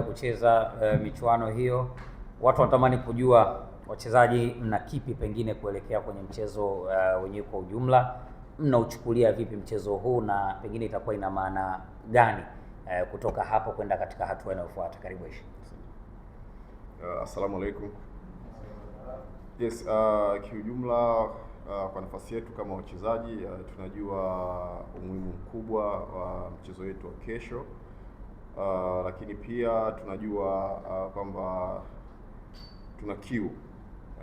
hawajawahi kucheza uh, michuano hiyo. Watu wanatamani kujua wachezaji, mna kipi pengine kuelekea kwenye mchezo uh, wenyewe kwa ujumla, mnauchukulia vipi mchezo huu na pengine itakuwa ina maana gani uh, kutoka hapo kwenda katika hatua inayofuata? Karibu Aisha. Uh, assalamu alaikum. Yes, uh, kiujumla uh, kwa nafasi yetu kama wachezaji uh, tunajua umuhimu mkubwa wa mchezo wetu wa kesho uh, lakini pia tunajua uh, kwamba tuna kiu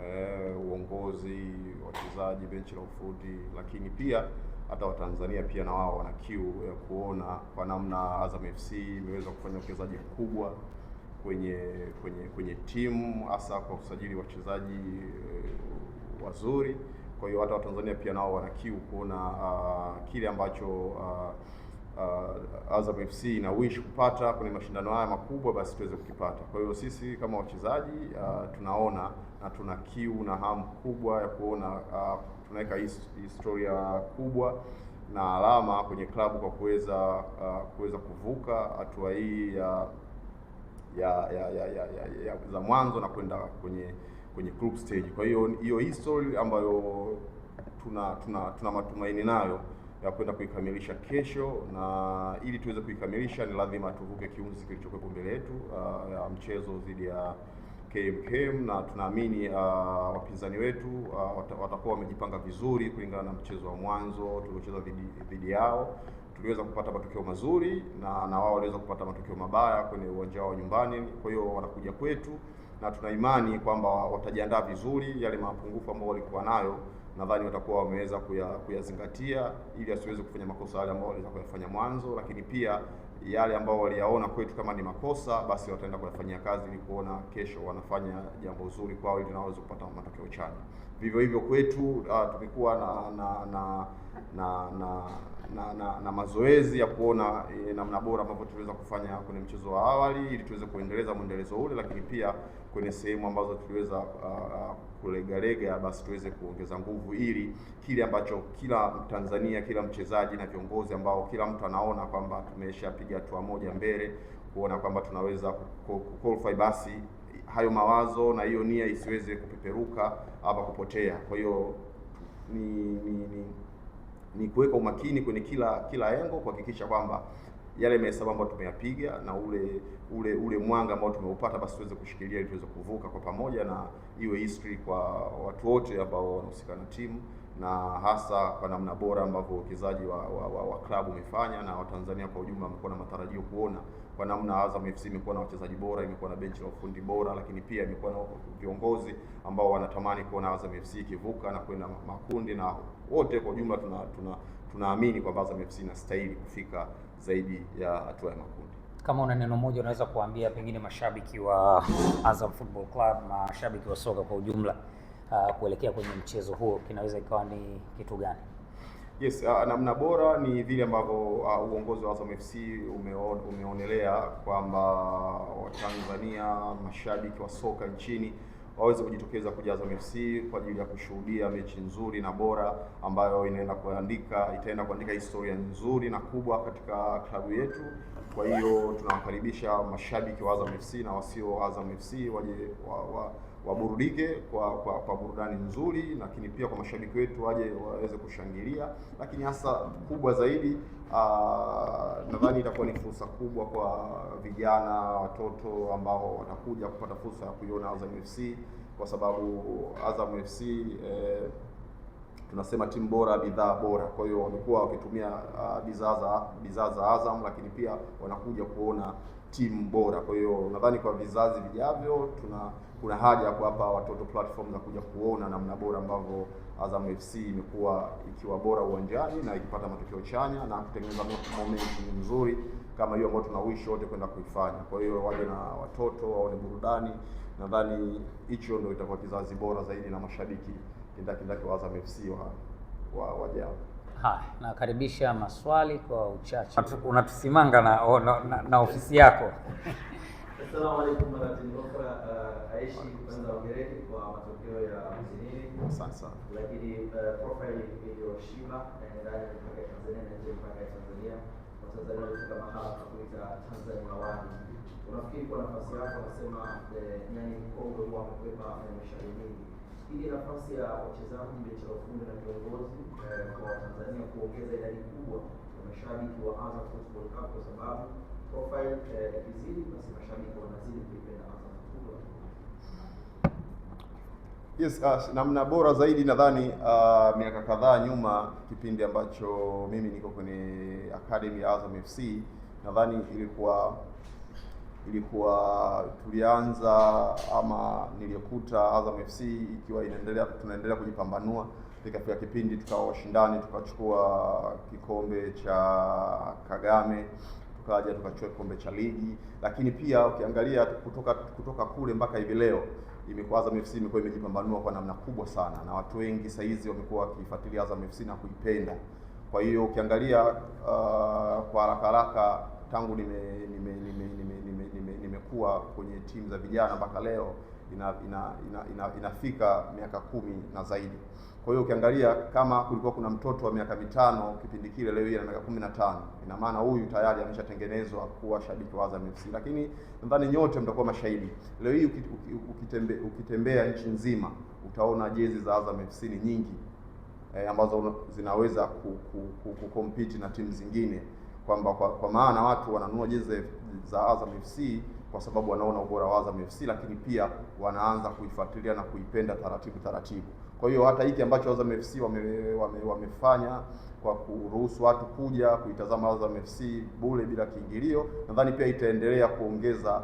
e, uongozi, wachezaji, benchi la ufundi, lakini pia hata Watanzania pia na wao wana kiu ya kuona kwa namna Azam FC imeweza kufanya uwekezaji mkubwa kwenye kwenye kwenye timu hasa kwa kusajili wachezaji e, wazuri. Kwa hiyo hata Watanzania pia nao wana kiu kuona uh, kile ambacho uh, uh, Azam FC ina wish kupata kwenye mashindano haya makubwa, basi tuweze kukipata. Kwa hiyo sisi kama wachezaji uh, tunaona na tuna kiu na hamu kubwa ya kuona uh, tunaweka historia kubwa na alama kwenye klabu kwa kuweza uh, kuweza kuvuka hatua hii ya ya ya, ya, ya, ya, ya za mwanzo na kwenda kwenye kwenye group stage. Kwa hiyo hiyo history ambayo tuna tuna tuna matumaini nayo ya kwenda kuikamilisha kesho, na ili tuweze kuikamilisha ni lazima tuvuke kiunzi kilichokuwepo mbele yetu uh, ya mchezo dhidi ya KMKM na tunaamini uh, wapinzani wetu uh, watakuwa wamejipanga vizuri kulingana na mchezo wa mwanzo tuliocheza dhidi yao. Tuliweza kupata matokeo mazuri na na wao waliweza kupata matokeo mabaya kwenye uwanja wao nyumbani. Kwa hiyo wanakuja kwetu na tuna imani kwamba watajiandaa vizuri, yale mapungufu ambayo walikuwa nayo nadhani watakuwa wameweza kuyazingatia ili asiweze kufanya makosa yale ambayo waliweza kuyafanya mwanzo, lakini pia yale ambayo waliyaona kwetu kama ni makosa, basi wataenda kuyafanyia kazi ili kuona kesho wanafanya jambo zuri kwao, ili naweza kupata matokeo chanya. Vivyo hivyo kwetu uh, tumekuwa na na na, na, na na, na, na mazoezi ya kuona e, namna bora ambavyo tuliweza kufanya kwenye mchezo wa awali ili tuweze kuendeleza mwendelezo ule, lakini pia kwenye sehemu ambazo tuliweza uh, kulegalega, basi tuweze kuongeza nguvu ili kile ambacho kila Mtanzania, kila mchezaji na viongozi ambao kila mtu anaona kwamba tumeshapiga hatua moja mbele, kuona kwamba tunaweza qualify basi hayo mawazo na hiyo nia isiweze kupeperuka ama kupotea. Kwa hiyo ni, ni, ni ni kuweka umakini kwenye kila kila engo kuhakikisha kwamba yale mahesabu ambayo tumeyapiga na ule ule ule mwanga ambao tumeupata basi tuweze kushikilia ili tuweze kuvuka kwa pamoja, na iwe history kwa watu wote ambao wanahusika na timu na hasa kwa namna bora ambavyo uwekezaji wa, wa, wa, wa klabu umefanya na Watanzania kwa ujumla wamekuwa na matarajio kuona kwa namna Azam FC imekuwa na wachezaji bora, imekuwa na benchi la ufundi bora, lakini pia imekuwa na viongozi ambao wanatamani kuona Azam FC ikivuka na kwenda makundi, na wote kwa ujumla tuna tuna tunaamini kwamba Azam FC inastahili kufika zaidi ya hatua ya makundi. Kama una neno moja unaweza kuambia pengine mashabiki wa Azam Football Club, mashabiki wa soka kwa ujumla, uh, kuelekea kwenye mchezo huo kinaweza ikawa ni kitu gani? Yes, uh, namna bora ni vile ambavyo uh, uongozi wa Azam FC umeon, umeonelea kwamba Watanzania mashabiki wa soka nchini waweze kujitokeza kuja Azam FC kwa ajili ya kushuhudia mechi nzuri na bora ambayo inaenda kuandika itaenda kuandika historia nzuri na kubwa katika klabu yetu. Kwa hiyo tunawakaribisha mashabiki wa Azam FC na wasio Azam FC waje wa, wa, waburudike kwa, kwa kwa burudani nzuri, lakini pia kwa mashabiki wetu waje waweze kushangilia, lakini hasa kubwa zaidi nadhani itakuwa ni fursa kubwa kwa vijana watoto ambao watakuja kupata fursa ya kuiona Azam FC kwa sababu Azam FC eh, tunasema timu bora, bidhaa bora. Kwa hiyo wamekuwa wakitumia uh, bidhaa za bidhaa za Azam, lakini pia wanakuja kuona timu bora. Kwa hiyo nadhani kwa vizazi vijavyo, tuna kuna haja ya kuwapa watoto platform za kuja kuona namna bora ambavyo Azam FC imekuwa ikiwa bora uwanjani na ikipata matokeo chanya na kutengeneza momentum nzuri kama hiyo ambayo tunawishi wote kwenda kuifanya. Kwa hiyo waje na watoto waone burudani, nadhani hicho ndio itakuwa kizazi bora zaidi na mashabiki kindakindaki wa Azam FC wa wa wajao. Haya, nakaribisha maswali kwa uchache. Unatusimanga na, na, na, na ofisi yako. Asalamu alaykum warahmatullahi wabarakatuh. Aishi kwanza ongereni kwa matokeo ya msinini. Asante sana. Lakini uh, profile ya Shiba ndani ya mpaka Tanzania na nje mpaka Tanzania. Watanzania walifika mahala pa kuita Tanzania wani. Unafikiri kwa nafasi yako unasema eh, nani mkongwe kwa kubeba mashauri mengi ili nafasi ya wachezaji, ufundi na viongozi eh, kwa Watanzania kuongeza idadi kubwa ya mashabiki wa Azam Football Club kwa sababu profile eh, ikizidi, basi mashabiki wanazidi kuipenda Azam Football Club. Yes, uh, namna bora zaidi nadhani uh, miaka kadhaa nyuma, kipindi ambacho mimi niko kwenye academy ya Azam FC nadhani ilikuwa ilikuwa tulianza ama nilikuta Azam FC ikiwa inaendelea, tunaendelea kujipambanua. Ikafika kipindi tukawa washindani, tukachukua kikombe cha Kagame, tukaja tukachukua kikombe cha ligi. Lakini pia ukiangalia kutoka kutoka kule mpaka hivi leo imekuwa Azam FC imekuwa imejipambanua kwa namna kubwa sana, na watu wengi saa hizi wamekuwa wakifuatilia Azam FC na kuipenda. Kwa hiyo ukiangalia uh, kwa haraka haraka tangu nimekuwa nime, nime, nime, nime, nime, nime kwenye timu za vijana mpaka leo inafika ina, ina, ina, ina miaka kumi na zaidi. Kwa hiyo ukiangalia kama kulikuwa kuna mtoto wa miaka mitano kipindi kile, leo hii ana miaka kumi na tano, ina maana huyu tayari ameshatengenezwa kuwa shabiki wa Azam FC. Lakini nadhani nyote mtakuwa mashahidi, leo hii ukitembe, ukitembea nchi nzima utaona jezi za Azam FC ni nyingi e, ambazo zinaweza kukompiti ku, ku, ku na timu zingine kwamba kwa, kwa maana watu wananunua jezi za Azam FC kwa sababu wanaona ubora wa Azam FC, lakini pia wanaanza kuifuatilia na kuipenda taratibu taratibu. Kwa hiyo hata hiki ambacho Azam FC wame, wame, wamefanya kwa kuruhusu watu kuja kuitazama Azam FC bure bila kiingilio, nadhani pia itaendelea kuongeza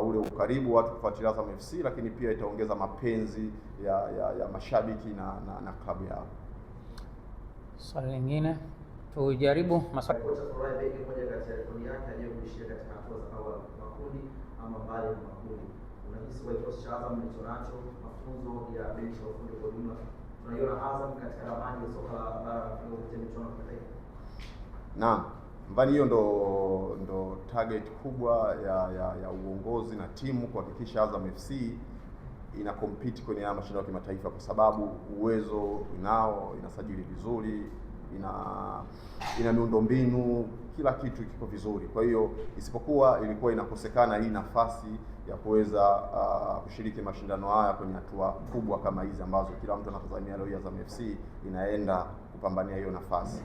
uh, ule ukaribu watu kufuatilia Azam FC, lakini pia itaongeza mapenzi ya, ya, ya mashabiki na, na, na klabu yao. Swali lingine tujaribu maswali Naam, mbali hiyo ndo, ndo target kubwa ya, ya, ya uongozi na timu kuhakikisha Azam FC ina compete kwenye haya mashindano ya kimataifa, kwa sababu uwezo inao, inasajili vizuri ina ina miundombinu, kila kitu kiko vizuri. Kwa hiyo isipokuwa ilikuwa inakosekana hii nafasi ya kuweza uh, kushiriki mashindano haya kwenye hatua kubwa kama hizi ambazo kila mtu anatazamia. Leo Azam FC inaenda kupambania hiyo nafasi.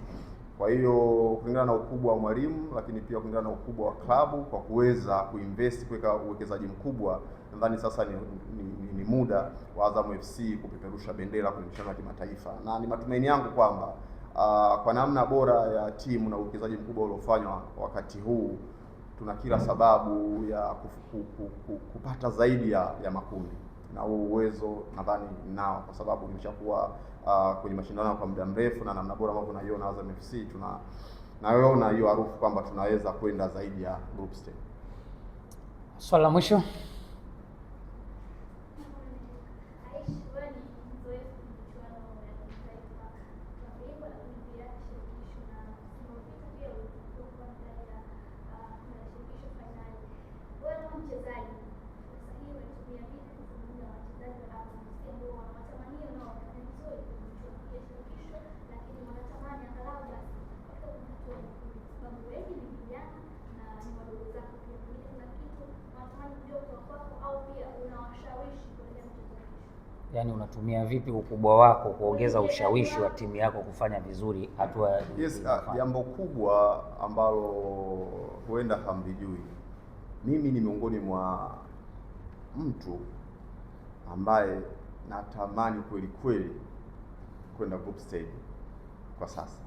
Kwa hiyo kulingana na ukubwa wa mwalimu, lakini pia kulingana na ukubwa wa klabu kwa kuweza kuinvest, kuweka uwekezaji mkubwa, nadhani sasa ni, ni, ni muda wa Azam FC kupeperusha bendera kwenye michezo ya kimataifa, na ni matumaini yangu kwamba uh, kwa namna bora ya timu na uwekezaji mkubwa uliofanywa wakati huu, tuna kila sababu ya kufu, kufu, kupata zaidi ya, ya makundi na huo uwezo nadhani nao, kwa sababu nimeshakuwa uh, kwenye mashindano kwa muda mrefu, na namna bora ambavyo naiona Azam FC tuna naona hiyo harufu kwamba tunaweza kwenda zaidi ya group stage. Swali la mwisho. Yani unatumia vipi ukubwa wako kuongeza ushawishi wa timu yako kufanya vizuri hatua? Yes, ah, jambo kubwa ambalo huenda hamlijui, mimi ni miongoni mwa mtu ambaye natamani kweli kweli kwenda group stage kwa sasa.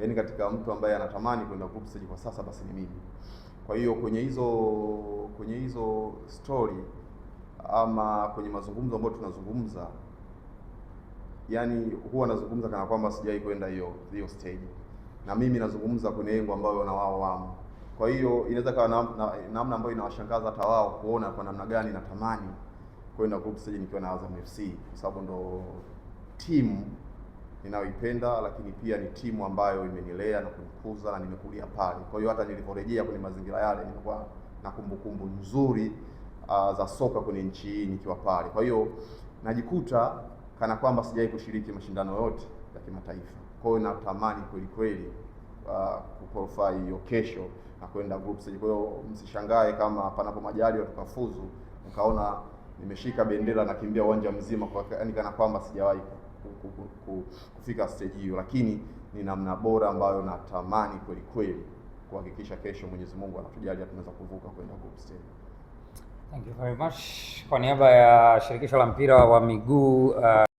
Yaani katika mtu ambaye anatamani kwenda group stage kwa sasa basi ni mimi. Kwa hiyo kwenye hizo kwenye hizo story ama kwenye mazungumzo ambayo tunazungumza, yani huwa nazungumza kana kwamba sijai kwenda hiyo hiyo stage, na mimi nazungumza kwenye lengo ambayo na wao wamo. Kwa hiyo inaweza kawa namna na, na ambayo inawashangaza hata wao kuona kwa namna gani natamani kwa hiyo narudi sasa nikiwa na Azam FC kwa sababu ndo timu ninayoipenda, lakini pia ni timu ambayo imenilea na kunikuza na nimekulia pale. Kwa hiyo hata niliporejea kwenye mazingira yale nilikuwa na kumbukumbu nzuri uh, za soka kwenye nchi hii nikiwa pale. Kwa hiyo najikuta kana kwamba sijawahi kushiriki mashindano yote ya kimataifa. Kwa hiyo natamani kweli kweli uh, kuqualify hiyo kesho na kwenda group stage. Kwa hiyo msishangae kama panapo majali tukafuzu mkaona nimeshika bendera nakimbia uwanja mzima kwa yani kana kwamba sijawahi kufika stage hiyo, lakini ni namna bora ambayo natamani kweli kweli kuhakikisha kesho Mwenyezi Mungu anatujalia tunaweza kuvuka kwenda group stage. Thank you very much. Kwa niaba ya shirikisho la mpira wa miguu uh...